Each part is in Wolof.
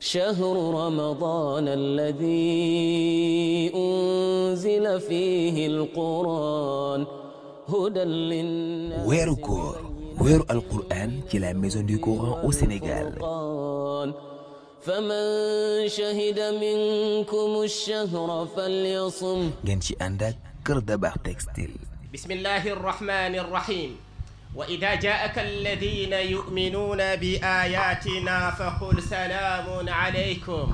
شهر رمضان الذي انزل فيه القران هدى للناس وير كور وير القران في لا ميزون دي كوران او سينيغال فمن شهد منكم الشهر فليصم غنشي عندك كردبا تكستيل بسم الله الرحمن الرحيم وإذا جاءك الذين يؤمنون بآياتنا فقل سلام عليكم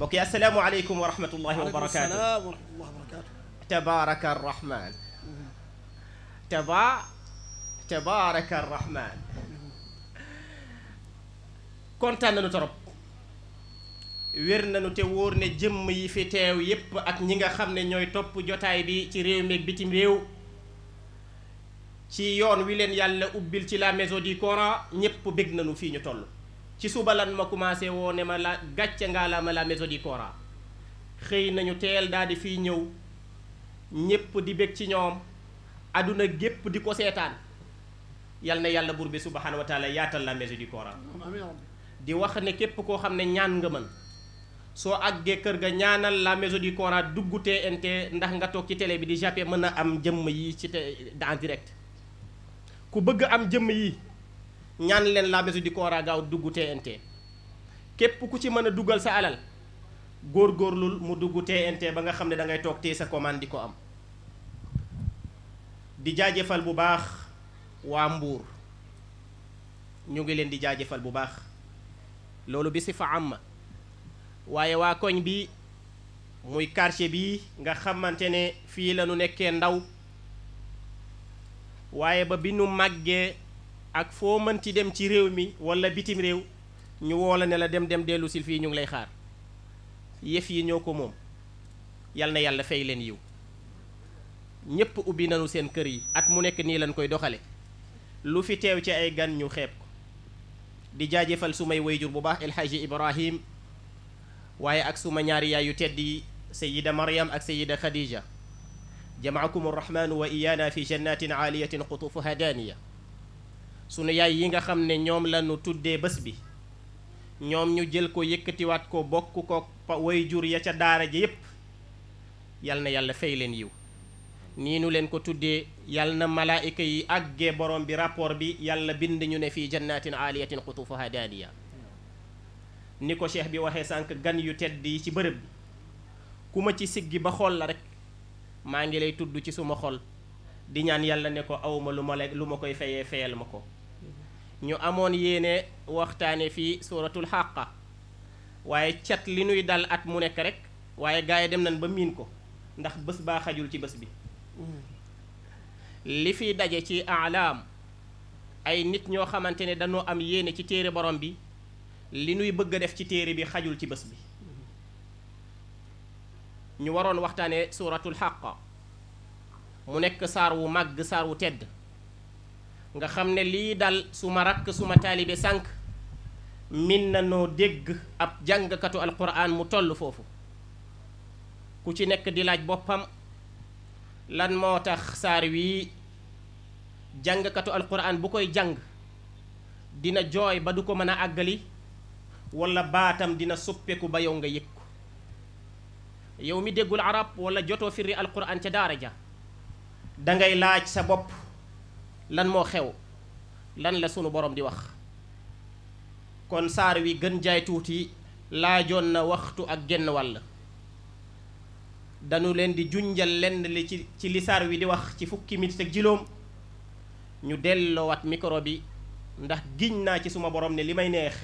بوكي السلام عليكم ورحمة الله وبركاته السلام ورحمة الله وبركاته تبارك الرحمن تبا تبارك الرحمن كنت أنا نترب ويرنا نتورنا جمي في تيو يب أتنينغا خامنا نيوي توب جوتاي بي تريو ميك بيتي ميو ci yoon wi leen yàlla ubbil ci la maison du Coran ñëpp bég nañu fii ñu toll ci suba lan ma commencé woone ma la gàcce ngaa la ma la maison du Coran xëy nañu teel daal di fii ñëw ñëpp di bég ci ñoom àdduna gépp di ko seetaan yal na yàlla buur bi subhaanahu wa yaatal la maison du Coran di wax ne képp koo xam ne ñaan nga mën soo àggee kër ga ñaanal la maison du Coran dugg TNT ndax nga toog ci tele bi di jàppee mën a am jëmm yi ci te en direct ku bëgg am jëmm yi ñaan leen di ko war a gaaw dugg TNT képp ku ci mën a dugal sa alal góor góorgóorlul mu dugg TNT ba nga xam ne da ngay toog téye sa commande di ko am di jaajëfal bu baax waa Mbuur ñu ngi leen di jaajëfal bu baax loolu bi si fa am waaye waa koñ bi muy quartier bi nga xamante ne fii la ñu nekkee ndaw waaye ba bi nu màggee ak foo mënti dem ci réew mi wala bitim réew ñu woola ne la dem dem dellu sil fii ñu ngi lay xaar yëf yi ñoo ko moom yal na yàlla fay leen yiw ñépp ubbi nañu seen kër yi at mu nekk nii lañ koy doxale lu fi teew ci ay gan ñu xeeb ko di jaajëfal su may wayjur bu baax El Hadji Ibrahim waaye ak suma ñaari yaayu yu tedd yi Sayida Maryam ak Sayida Khadija jamacakum arrahmanu wa iyaana fi jannatin aaliyatin qutuufuha daaniya sunu yaay yi nga xam ne ñoom lanu tuddee bés bi ñoom ñu jël ko yëkkatiwaat ko bokk ko way jur ya ca daara ji yépp yal na yàlla fay leen yiw nii nu leen ko tuddee yal na malaayika yi àggee borom bi rapport bi yàlla bind ñu ne fii jannatin aaliyatin qutuufuha daaniya ni ko cheikh bi waxee sànq gan yu tedd yi ci bërëb bi ku ma ci siggi ba xool la rek maa ngi lay tudd ci suma xol di ñaan yàlla ne ko awma lu ma lu ma koy fayee fayal ma ko ñu amoon yéene waxtaane fii suuratul xàq waaye cat li nuy dal at mu nekk rek waaye gars dem nañ ba miin ko ndax bés baa xajul ci bés bi li fi daje ci alaam ay nit ñoo xamante ne dañoo am yéene ci téere borom bi li nuy bëgg def ci téere bi xajul ci bés bi ñu waroon waxtaanee suuratul xàq mu nekk saar wu màgg saar wu tedd nga xam ne lii dal suma rakk suma ma taalibe sànq min na noo dégg ab jàngkatu alquran mu toll foofu ku ci nekk di laaj boppam lan moo tax saar wii jàngkatu alquran bu koy jàng dina jooy ba du ko mën a àggali wala baatam dina suppeku ba yow nga yëg yow mi déggul arab wala joto firri alquran ci daara ja da ngay laaj sa bop lan mo xew lan la sunu borom di wax kon sar wi gën jaay tuuti laajoon na waxtu ak genn wal danu len di junjal lenn li ci ci li sar wi di wax ci fukki mit ak jilom ñu wat micro bi ndax giñ na ci suma borom ne limay neex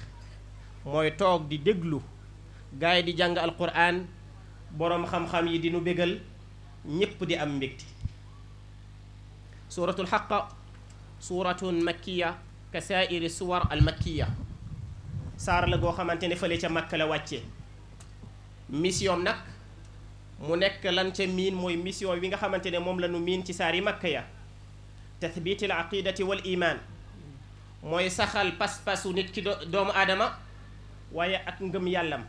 moy tok di deglu gaay di jang alquran borom xam-xam yi di nu bégal ñépp di am mbégte suratul xaqa suratun makkiya ka saairi suwar al makkiya saar la goo xamante ne fële ca makka la wàcce mission nag mu nekk lan ca miin mooy mission bi nga xamante ne moom la nu miin ci saar yi makka ya tathbitil aqidati wal iman mooy saxal pas-pasu nit ki doomu aadama waaye ak ngëm yàllam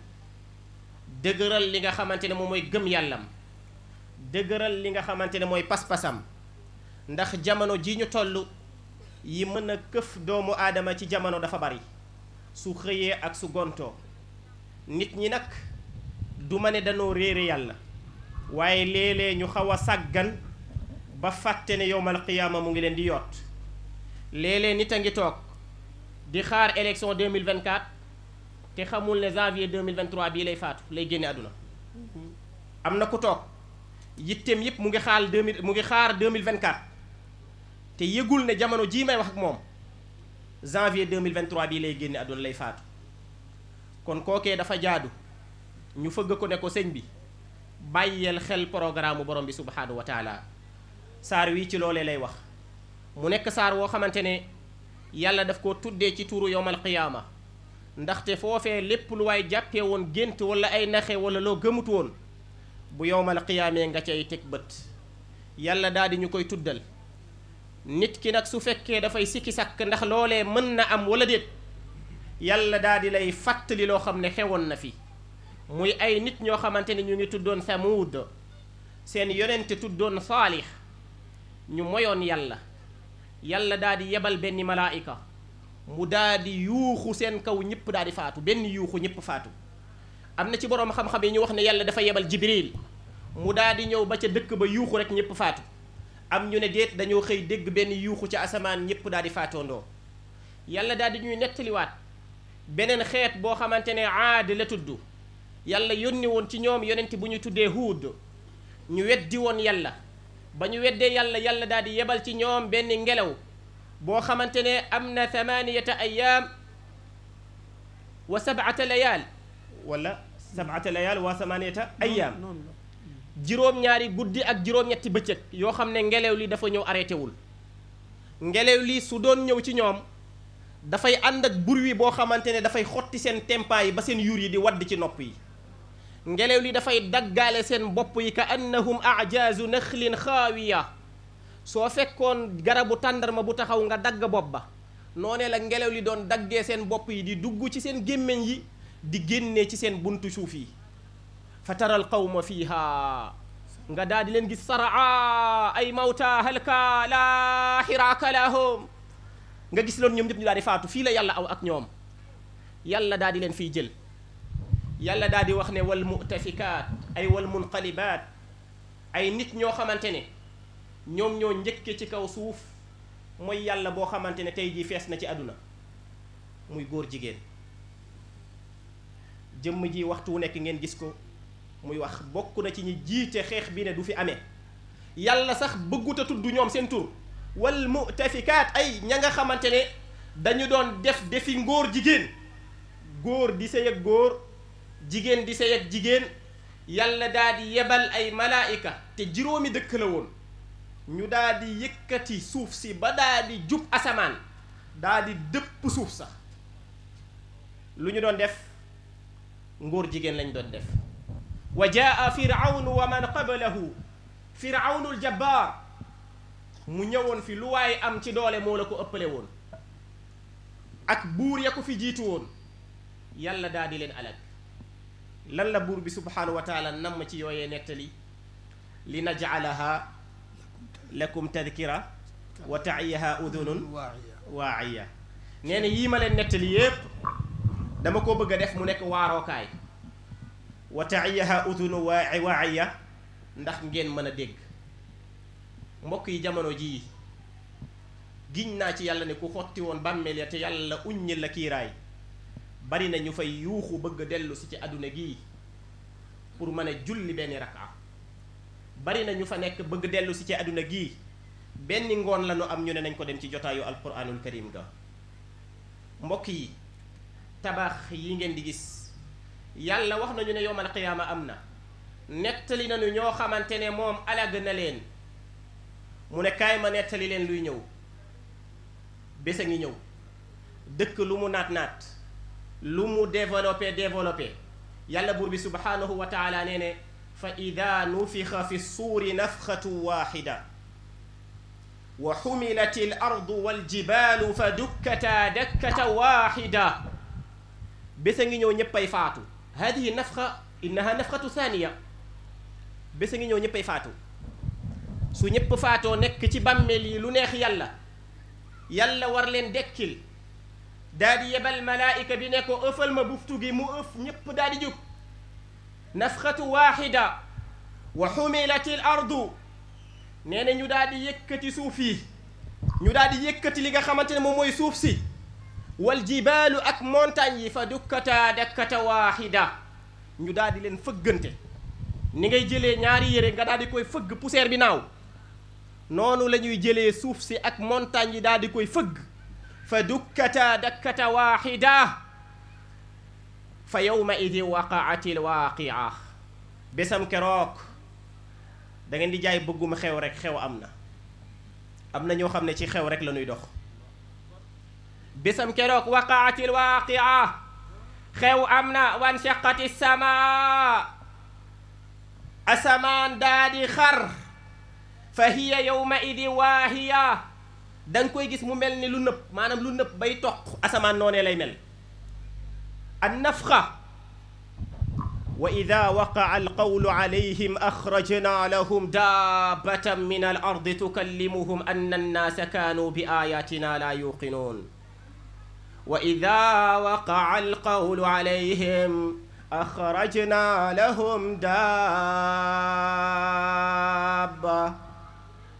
dëgëral li nga xamante ne moom mooy gëm yàllam dëgëral li nga xamante ne mooy pas-pasam ndax jamono ji ñu toll yi mën a këf doomu aadama ci jamono dafa bari su xëyee ak su gontoo nit ñi nag du ma ne danoo réer yàlla waaye léeg ñu xaw a sàggan ba fàtte ne yowmal qiyaama mu ngi leen di yoot léeg nit a ngi toog di xaar élection 2024 te xamul ne janvier 2023 bi lay faatu lay génne aduna am na ku toog yittem yëpp mu ngi xaar 2000 mu ngi xaar 2024 te yëgul ne jamono jii may wax ak moom janvier 2023 bi lay génne aduna lay faatu kon kookee dafa jaadu ñu fëgg ko ne ko sëñ bi bàyyeel xel programme borom bi subhanahu wa taala saar wii ci loolee lay wax mu nekk saar woo xamante ne yàlla daf ko tuddee ci turu yowmal qiyaama ndaxte foofee lépp lu waay jàppee woon gént wala ay naxe wala loo gëmut woon bu yowmal qiyaamee nga cay teg bët yàlla daal di ñu koy tuddal nit ki nag su fekkee dafay sikki sàkk ndax loolee mën na am wala déet yàlla daal di lay fàttali loo xam ne xewoon na fi muy ay nit ñoo xamante ne ñu ngi tuddoon Samuud seen yonente tuddoon Saalix ñu moyoon yàlla yàlla daal di yebal benn malaayika mu daal di yuuxu seen kaw ñëpp daal di faatu benn yuuxu ñëpp faatu am na ci boroom xam-xam yi ñu wax ne yàlla dafa yebal jibril mu daal ñëw ba ca dëkk ba yuuxu rek ñëpp faatu am ñu ne déet dañoo xëy dégg benn yuuxu ca asamaan ñëpp daal di faatoondoo yàlla daal di ñuy nettaliwaat beneen xeet boo xamante ne aad la tudd yàlla yónni woon ci ñoom yonent bu ñu tuddee huud ñu weddi woon yàlla ba ñu weddee yàlla yàlla daal di yebal ci ñoom benn ngelaw boo xamante ne am na thamaniyata ayaam wa sabata layaal wala sabata layaal wa thamaniyata ayaam juróom-ñaari guddi ak juróom-ñetti bëccëg yoo xam ne ngelaw li dafa ñëw arrêté wul ngelaw li su doon ñëw ci ñoom dafay ànd ak bruit boo xamante ne dafay xotti seen tempaa yi ba seen yuur di wadd ci nopp yi ngelaw li dafay daggaale seen bopp yi ka annahum ajaazu naxlin xaawiya soo fekkoon garabu tàndarma bu taxaw nga dagg bopp ba noonee la ngelaw li doon daggee seen bopp yi di dugg ci seen gémmiñ yi di génnee ci seen buntu suuf yi fa taral qawma fiiha nga daal di leen gis saraa ay mawta halka laa xiraaka lahum nga gis loon ñoom ñëpp ñu daal di faatu fii la yàlla aw ak ñoom yàlla daal di leen fiy jël yàlla daal di wax ne wal mutafikaat ay wal munqalibaat ay nit ñoo xamante ne ñoom ñoo njëkke ci kaw suuf mooy yàlla boo xamante ne tey jii fees na ci àdduna muy góor jigéen jëmm ji waxtu wu nekk ngeen gis ko muy wax bokk na ci ñi jiite xeex bi ne du fi amee yàlla sax bëggut a tudd ñoom seen tur wal mutafikaat ay ña nga xamante ne dañu doon def defi ngóor jigéen góor di sëy ak góor jigéen di sëy ak jigéen yàlla daal di yebal ay malaayika te juróomi dëkk la woon ñu daal di yëkkati suuf si ba daal di jub asamaan daal dëpp suuf sax lu ñu doon def nguur jigéen lañ doon def wa jaa firaun wa man qablahu firawnu ljabbaar mu ñëwoon fi lu waaye am ci doole moo la ko ëppale woon ak buur ya ko fi jiitu woon yàlla daal di leen alag lan la buur bi subhanahu wa taala nam ci yooyee nettali li najalaha lakum tadkira wa taiyaha udunun waaxiya nee na yii ma leen nettali yépp dama ko bëgg a def mu nekk waarookaay wa taiyaha udunun waaxiya ndax ngeen mën a dégg mbokk yi jamono ji giñ naa ci yàlla ne ku xotti woon bàmmeel ya te yàlla uññil la kiiraay bari na ñu fa yuuxu bëgg dellu si ci àdduna gi pour mën a julli benn rakaa bari na ñu fa nekk bëgg dellu si ci àdduna gii benn ngoon la ñu am ñu ne nañ ko dem ci jotaayu alquranul karim ga mbokk yi tabax yi ngeen di gis yàlla wax nañu ne yowmal qiyaama am na nettali nañu ñoo xamante ne moom alag na leen mu ne kaay ma nettali leen luy ñëw bés a ngi ñëw dëkk lu mu naat naat lu mu développé développé yàlla buur bi subhaanahu wa nee ne فإذا نفخ في الصور نفخة واحدة وحملت الأرض والجبال فدكتا دكة واحدة بسنجنو نيباي فاتو هذه النفخة إنها نفخة ثانية بسنجنو نيباي فاتو سو فاتو نك تي بامي يالا يالا ورلين ديكيل دادي يبل ملائكه بينكو افل ما بوفتو جي مو دادي جوك نفخه واحده وحملت الارض نين نيو دادي ييكتي سوفي نيو دادي ييكتي ليغا خامتاني موم موي سوفسي والجبال اك مونتاني فدكتا دكتا واحده نيو دادي لين فغنتي نيغي جيلي نياري ييري غا دادي كوي فغ بوسير بي ناو نونو لا نيو جيلي سوفسي اك مونتاني دادي كوي فغ فدكتا دكتا واحده fa yowma idi waqaatil waaqia bésam keroog da ngeen di jaay bëgguma xew rek xew am na am na ñoo xam ne ci xew rek la ñuy dox bésam kerook waqaatil waaqia xew am na wan shaqati sama asamaan daa di xar fa hiya yowma idi waahiya da nga koy gis mu mel ni lu nëb maanaam lu nëb bay toq asamaan noonee lay mel النفخة وإذا وقع القول عليهم أخرجنا لهم دابة من الأرض تكلمهم أن الناس كانوا بآياتنا لا يوقنون وإذا وقع القول عليهم أخرجنا لهم دابة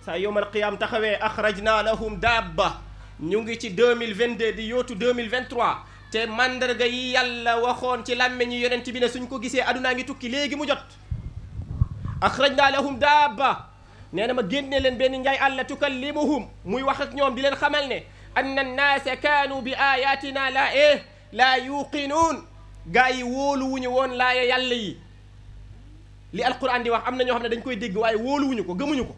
سيوم القيامة تخوي أخرجنا لهم دابة نيونغي 2022 دي يوتو 2023 te mandarga yi yàlla waxon ci làmmeñu yonent bi ne suñ ko gisee aduna ngi tukki legi mu jot akhrajna lahum dabba neena ma génne len ben njaay àlla tukallimuhum muy wax ak ñom di len xamal ne anna an-nas kanu bi ayatina la eh yuqinun yuqinuun wolu wuñu won la ya yàlla yi li alquran di wax amna ño xamne dañ koy waye wolu wuñu ko gëmuñu ko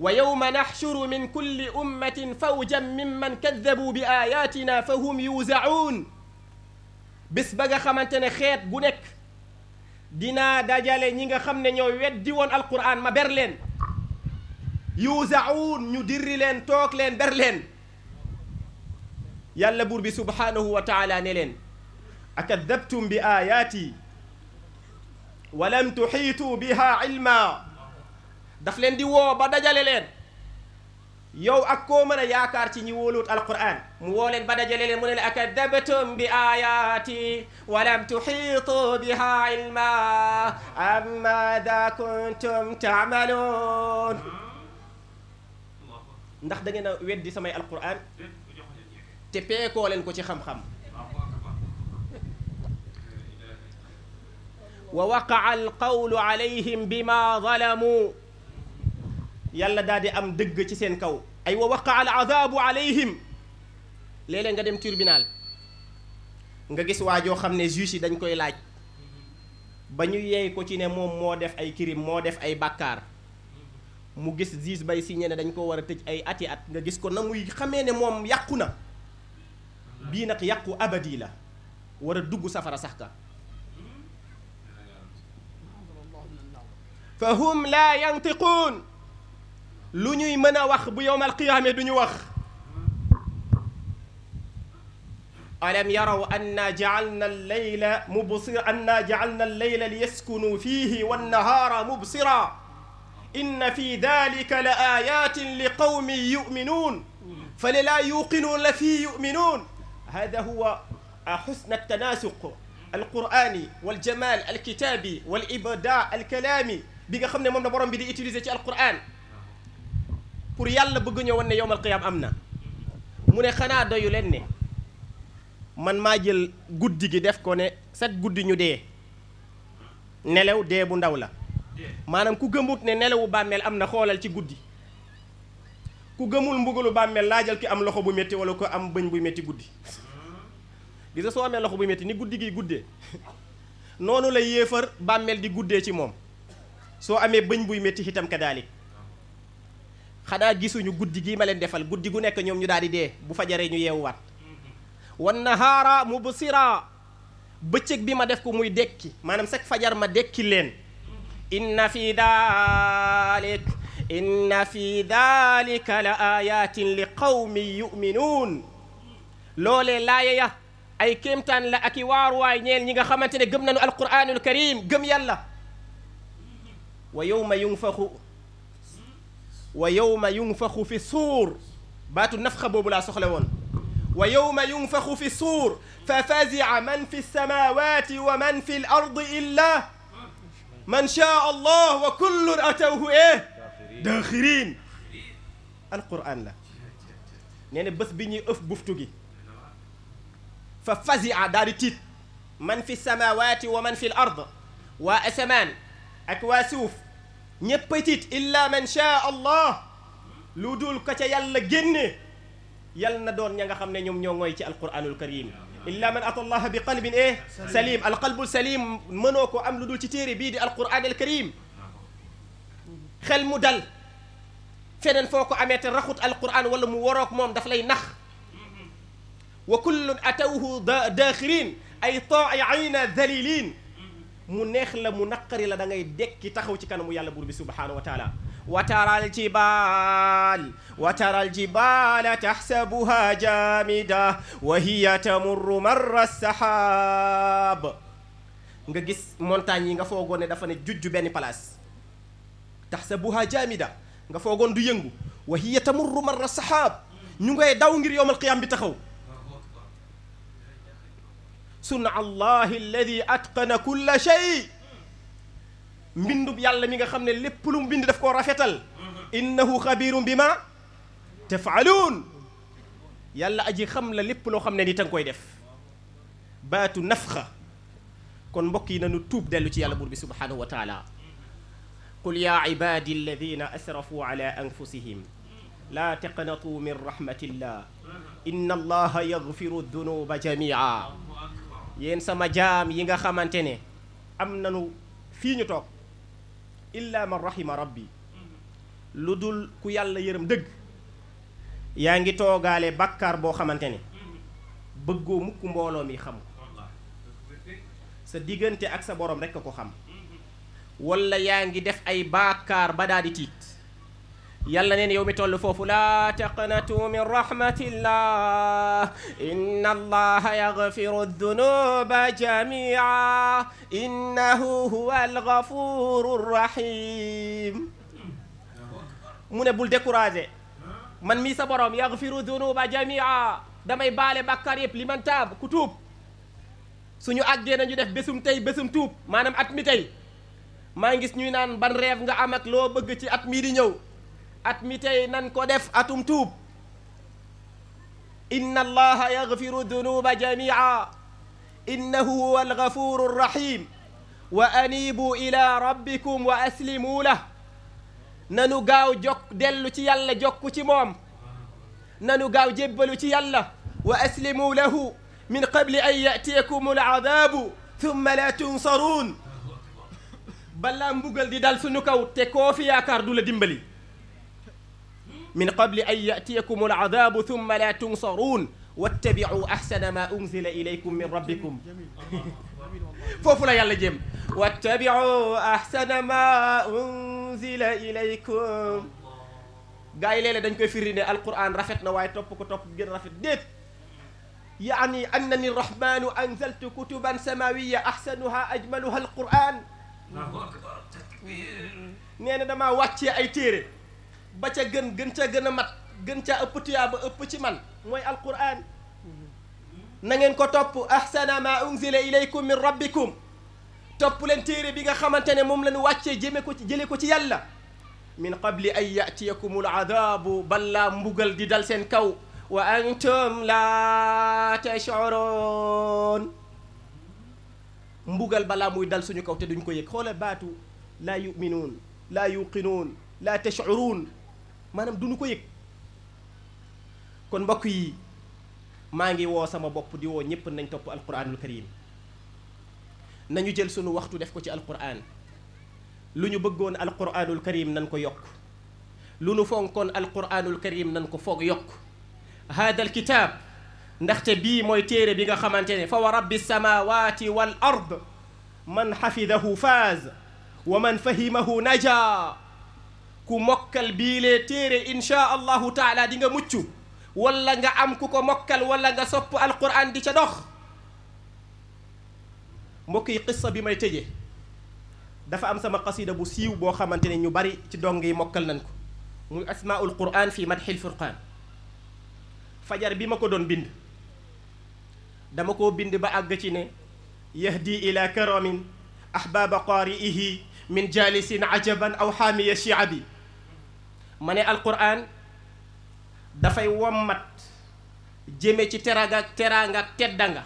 ويوم نحشر من كل أمة فوجا ممن كذبوا بآياتنا فهم يوزعون بس بغا خمانتنا خيط بونك دينا داجالي نيغا خمنا نيو يديون القرآن ما برلين يوزعون ندري لين توك لين برلين يلا بور سبحانه وتعالى نيلين أكذبتم بآياتي ولم تحيطوا بها علما daf leen di woo ba dajale leen yow ak koo mën a yaakaar ci ñi wóoluwut alquran mu woo leen ba dajale leen mu ne la akadabtum bi ayaati walam tuxiitu biha ilma am maada kuntum taamaloon ndax da ngeen a weddi samay alquran te peekoo leen ko ci xam-xam wa waqaa alqawlu alayhim bima zalamuu yàlla daal di am dëgg ci seen kaw ay wa waqa al azabu alayhim léeg-léeg nga dem tribunal nga gis waa joo xam ne juge yi dañ koy laaj ba ñu yeey ko ci ne moom moo def ay crime moo def ay bàkkaar mu gis juge bay signé ne dañ ko war a tëj ay ati at nga gis ko na muy xamee ne moom yàqu na bii nag yàqu abadi la war a dugg safara sax ka fa hum la yantiquun lu ñuy mën a wax bu yowmal qiyaame duñu wax alam yaraw anna jaalna allayla mubsira anna jaalna allayla liyaskunu fihi wannahaara mubsira inna fi dalika la ayatin liqawmin yuminun فللا يوقنون لفي يؤمنون هذا هو حسن التناسق القرآني والجمال الكتابي والإبداع الكلامي بيغا خمنا مومنا بروم بي دي القرآن pour yàlla bëgg ñëwoon ne yowmal qiyaam am na mu ne xanaa doyu leen ne man maa jël guddi gi def ko ne set guddi ñu dee nelaw dee bu ndaw la maanaam ku gëmut ne nelawu bàmmeel am na xoolal ci guddi ku gëmul mbugalu bàmmeel laa jël ki am loxo bu métti wala ko am bëñ bu métti guddi gis nga soo amee loxo bu métti ni guddi giy guddee noonu la yéefar bàmmeel di guddee ci moom soo amee bëñ buy métti itam kadalik xana gisuñu guddi gii ma leen defal guddi gu nekk ñoom ñu daal de bu fajare ñu yewu wat wan nahara mubsira bëccëg bi ma def ko muy dekki manam sek fajar ma dekki len inna fi dalik inna fi dalika la ayatin li qaumi yu'minun lolé laaya ya ay kemtan la ak war way ñeel ñi nga xamantene gëm nañu alquranul karim gëm yàlla wa yowma yunfaxu ويوم ينفخ في الصور باتوا النفخة بوب لا سخلون ويوم ينفخ في الصور ففزع من في السماوات ومن في الأرض إلا من شاء الله وكل أتوه إيه داخرين القرآن لا يعني بس بني أف بفتوغي ففزع دار تيت من في السماوات ومن في الأرض وأسمان أكواسوف ñéppay tiit illa man shaa allah lu dul ko ca yàlla génne yal na doon ña nga xam ne ñoom ñoo ngooy ci alquranul karim illa man ata allaha bi qalbin eh salim alqalbul salim mënoo ko am lu dul ci téere bii di alquran al karim xel mu dal feneen foo ko amee te raxut alquran wala mu waroog moom daf lay nax wa kullun atawhu daaxirin ay taaiina dalilin mu neex la mu naqari la da ngay dekki taxaw ci kanamu yàlla buur bi subhaanahu wa taala wataral jibaal wataral jibaala wa hiya tamurru marra saxaab nga gis montagne yi nga foogoon dafa ne jujju benn place taxsabuha jaamida nga foogoon du yëngu wa hiya tamurru marra saxaab ñu daw ngir yowmal qiyaam bi taxaw صنع الله الذي اتقن كل شيء مندوب يالا ميغا خامني ليپ لوم بيند داف كو رافيتال انه خبير بما تفعلون يالا اجي خام لا ليپ لو خامني ني تانكوي ديف بات نفخه كون مبوكي نانو توب ديلو سي يالا بور بي سبحانه وتعالى قل يا عبادي الذين اسرفوا على انفسهم لا تقنطوا من رحمه الله ان الله يغفر الذنوب جميعا yéen sama jaam yi nga xamante ne am na nanu fii ñu toog illa man rahima rabbi lu dul ku yàlla yërëm dëgg yaa ngi toogaale bàkkaar boo xamante ne bëggoo mukk mbooloo mi xam ko sa diggante ak sa boroom rekk a ko xam walla yaa ngi def ay bàkkaar ba daal di tiit يلا نين يومي تولو فوفو لا تقنطوا من رحمة الله إن الله يغفر الذنوب جميعا إنه هو الغفور الرحيم من بول ديكوراجي من مي سبروم يغفر الذنوب جميعا داماي بالي بكار يب تاب كتوب سونو اجي نانيو ديف تاي بيسوم توب مانام اتمي تاي ما نغيس نيو نان بان ريف nga am ak lo beug ci at at mi tey nan ko def atum tuub inna allaha yaghfiru dunuba jamia innahu huwa alghafuru rahim wa anibu ila rabbikum wa aslimu lah nanu gaaw jokk dellu ci yàlla jokku ci moom nanu gaaw jébbalu ci yàlla wa aslimu lahu min qabli an yatiyakum aladabu thumma la tunsaruun balaa mbugal di dal sunu kaw te koo fi yaakaar du la dimbali من قبل أن يأتيكم العذاب ثم لا تنصرون واتبعوا أحسن ما أنزل إليكم من ربكم فوفو لا يلا جيم واتبعوا أحسن ما أنزل إليكم gaa yi léeg-léeg dañ koy firi ne alquran rafet na waaye topp ko topp gën rafet déet yaani annani rahmanu anzaltu kutuban samawiya ahsanuha ajmaluha alquran nee na damaa wàccee ay téere ba ca gën gën ca gën a mat gën ca ëpp tuyaaba ëpp ci man mooy alquran na ngeen ko topp ahsana ma unzila ilaykum min rabbikum topp leen téere bi nga xamante ne moom la ñu wàccee jëme ko ci jële ko ci yàlla min qabli an yatiyakum aladabu balaa mbugal di dal seen kaw wa antum la tash'urun mbugal balaa muy dal suñu kaw te duñ ko yëg xoola baatu laa yuminuun laa yuqinuun laa tash'urun manam duñu ko yek kon mbokk yi maa ngi woo sama bopp di woo ñëpp nañ topp alquranul karim nañu jël sunu waxtu def ko ci alquran lu ñu bëggoon alquranul karim nan ko yokk lu ñu fonkoon alquranul karim nan ko foog yokk haadal kitaab ndaxte bi moy téere bi nga xamante ne fa wa rabbi samawati wal ard man xafidahu faz wa man fahimahu najaa ku mokkal le téré insha allah taala di nga muccu wala nga am ku ko mokkal wala nga sopp alquran di ca dox mbokk yi qissa bi may teje dafa am sama qasida bu siiw bo xamanteni ñu bari ci dong yi mokkal nañ ko muy asmaul quran fi madhil furqan fajar bi mako don bind dama ko bind ba ag ci ne yahdi ila karamin ahbab qari'ihi من جالس عجبا او حامي شعبي ma ne alquran dafay wommat jëme ci teraanga teraanga teddanga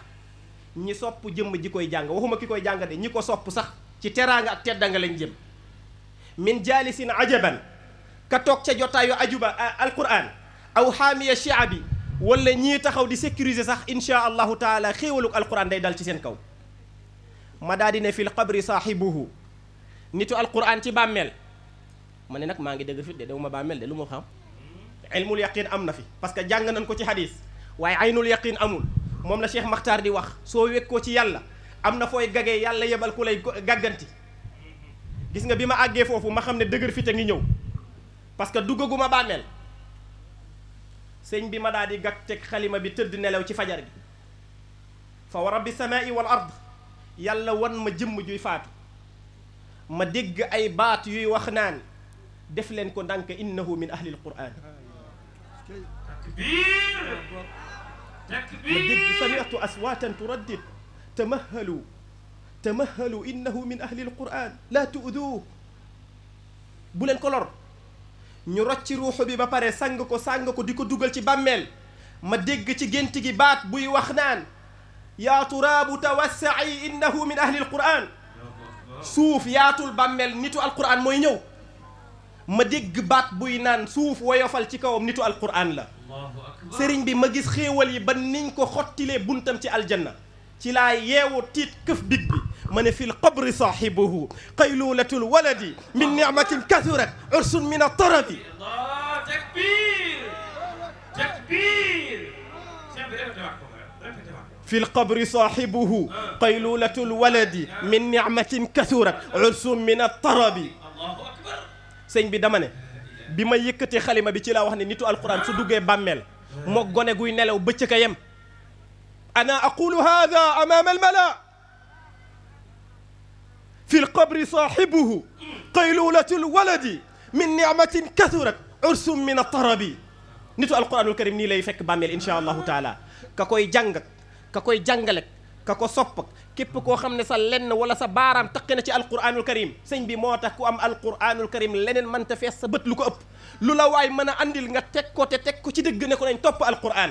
ñi sopp jëmm ji koy jàng waxuma ki koy jàng de ñi ko sopp sax ci teraanga ak teddanga lañ jëm min jaalisin ajaban ka toog ca jotaayu ajuba alquran aw xaamiya chia bi wala ñii taxaw di sécuriser sax insha allahu taala xéewaluk alquran day dal ci seen kaw ma daa di ne fil qabri saahibuhu nitu alquran ci bàmmeel ma ne nag maa ngi dëgg fit de daw ma bàmmeel de lu ma xam ilmul yaqin am na fi parce que jàng nañ ko ci xadis waaye aynul yaqin amul moom la Cheikh Makhtar di wax soo wékkoo ci yàlla am na fooy gagee yàlla yebal ku lay gàgganti gis nga bi ma àggee foofu ma xam ne dëgër fit a ngi ñëw parce que duggaguma bàmmeel sëñ bi ma daal di gàg teg xalima bi tëdd nelaw ci fajar gi fa wa rabbi samaai wal ard yàlla wan ma jëmm juy faatu ma dégg ay baat yuy wax naan def leen ko ndànk innahu min ahlil quraan takbir takbir sami'tu aswaatan turaddid tamahalu tamahalu innahu min ahlil quraan laa tu'duuh bu leen ko lor ñu rocc ruuxu bi ba pare sang ko sang ko di ko dugal ci bàmmeel ma dégg ci gént gi baat buy wax naan yaa turaabu tawassa'i innahu min ahlil quraan suuf yaatul bàmmeel nitu alquraan mooy ñëw ma dégg baat buy naan suuf woyofal ci kawam nitu alquran la sëriñ bi ma gis xéewal yi ba niñ ko xottilee buntam ci aljanna ci laa yeewu tiit këf dig bi ma ne fi lqabri saaxibuhu qaylulatul waladi min nicmatin kasurat ursun min atarabi takbir takbir في القبر صاحبه قيلولة الولد من نعمة كثرت عرس من الطرب sëñ bi dama ne bi ma yëkkati xalima bi ci laa wax ne nitu alquran su duggee bàmmeel moo gone guy nelaw bëccëg a yem ana aqulu hada amama almala fi lqabri saaxibuhu qaylulatu lwaladi min nicmatin kasurat ursum min atarabi nitu alquranul karim nii lay fekk bàmmeel insha allahu taala ka koy jàng ka koy jàngale ka ko sopp كيف كو خامن سا لن ولا سا بارام تقنا سي القران الكريم سيغ بي موتا كو ام القران الكريم لنن مانتا فيس بت اوب لولا واي مانا انديل nga تك كو تك كو سي دغ نكو نين توب القران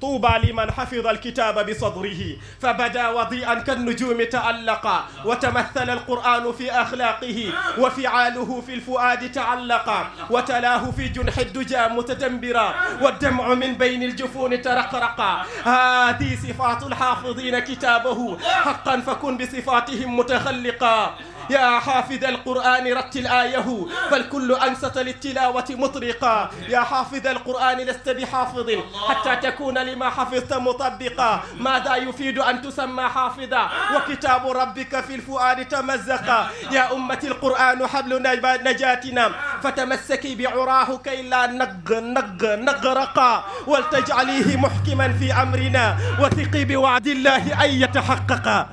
طوبى لمن حفظ الكتاب بصدره فبدا وضيئا كالنجوم تعلقا وتمثل القرآن في أخلاقه وفعاله في الفؤاد تعلقا وتلاه في جنح الدجى متدمرا والدمع من بين الجفون ترقرقا هذه صفات الحافظين كتابه حقا فكن بصفاتهم متخلقا يا حافظ القرآن رتل آيه فالكل أنست للتلاوة مطرقا يا حافظ القرآن لست بحافظ حتى تكون لما حفظت مطبقا ماذا يفيد أن تسمى حافظا وكتاب ربك في الفؤاد تمزقا يا أمة القرآن حبل نجاتنا فتمسكي بعراه كي لا نق نق نغرقا ولتجعليه محكما في أمرنا وثقي بوعد الله أن يتحققا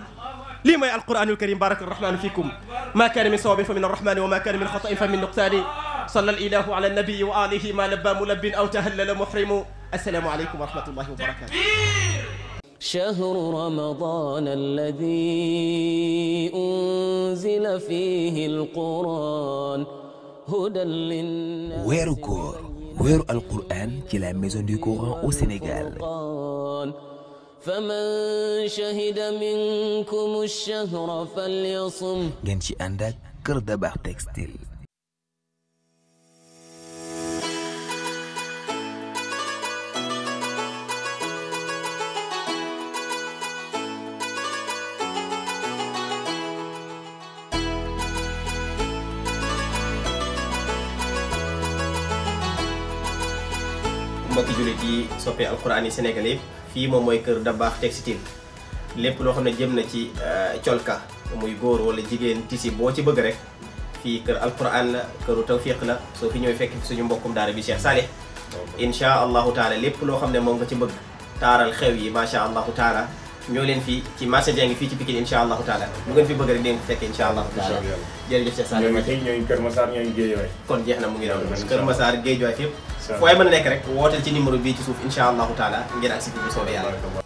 لما القرآن الكريم بارك الرحمن فيكم ما كان من صواب فمن الرحمن وما كان من خطأ فمن نقصان صلى الإله على النبي وآله ما لبى ملب أو تهلل محرم السلام عليكم ورحمة الله وبركاته شهر رمضان الذي أنزل فيه القرآن هدى للناس ويركور وير القرآن كلا ميزون دي كوران أو سنغال فمن شهد منكم الشهر فليصم جنشي عندك كردبه تكستيل kembali di Sofia Al-Quran Senegalif fii moom mooy kër Dabakh Textile lépp loo xam ne jëm na ci euh, colka muy góor wala jigéen tisi boo ci bëgg rek fii kër alquran la këru tawfiq la soo fi ñooy fekk fi suñu mbokkum daara bi Cheikh Salih inchaa allahu taala lépp loo xam ne moom nga ci bëgg taaral xew yi macha allahu taala ñoo leen fii ci marché Dieng fii ci Pikine insha allahu taala lu ngeen fi bëgg rek dégg ko fekk insha allahu taala kon jeex na mu ngi daw Kër Massar Guédiawaye fépp waaye mën a nekk rek wooteel ci numéro bii ci suuf incha allahu taala ngeen ak si fi bu soobee yàlla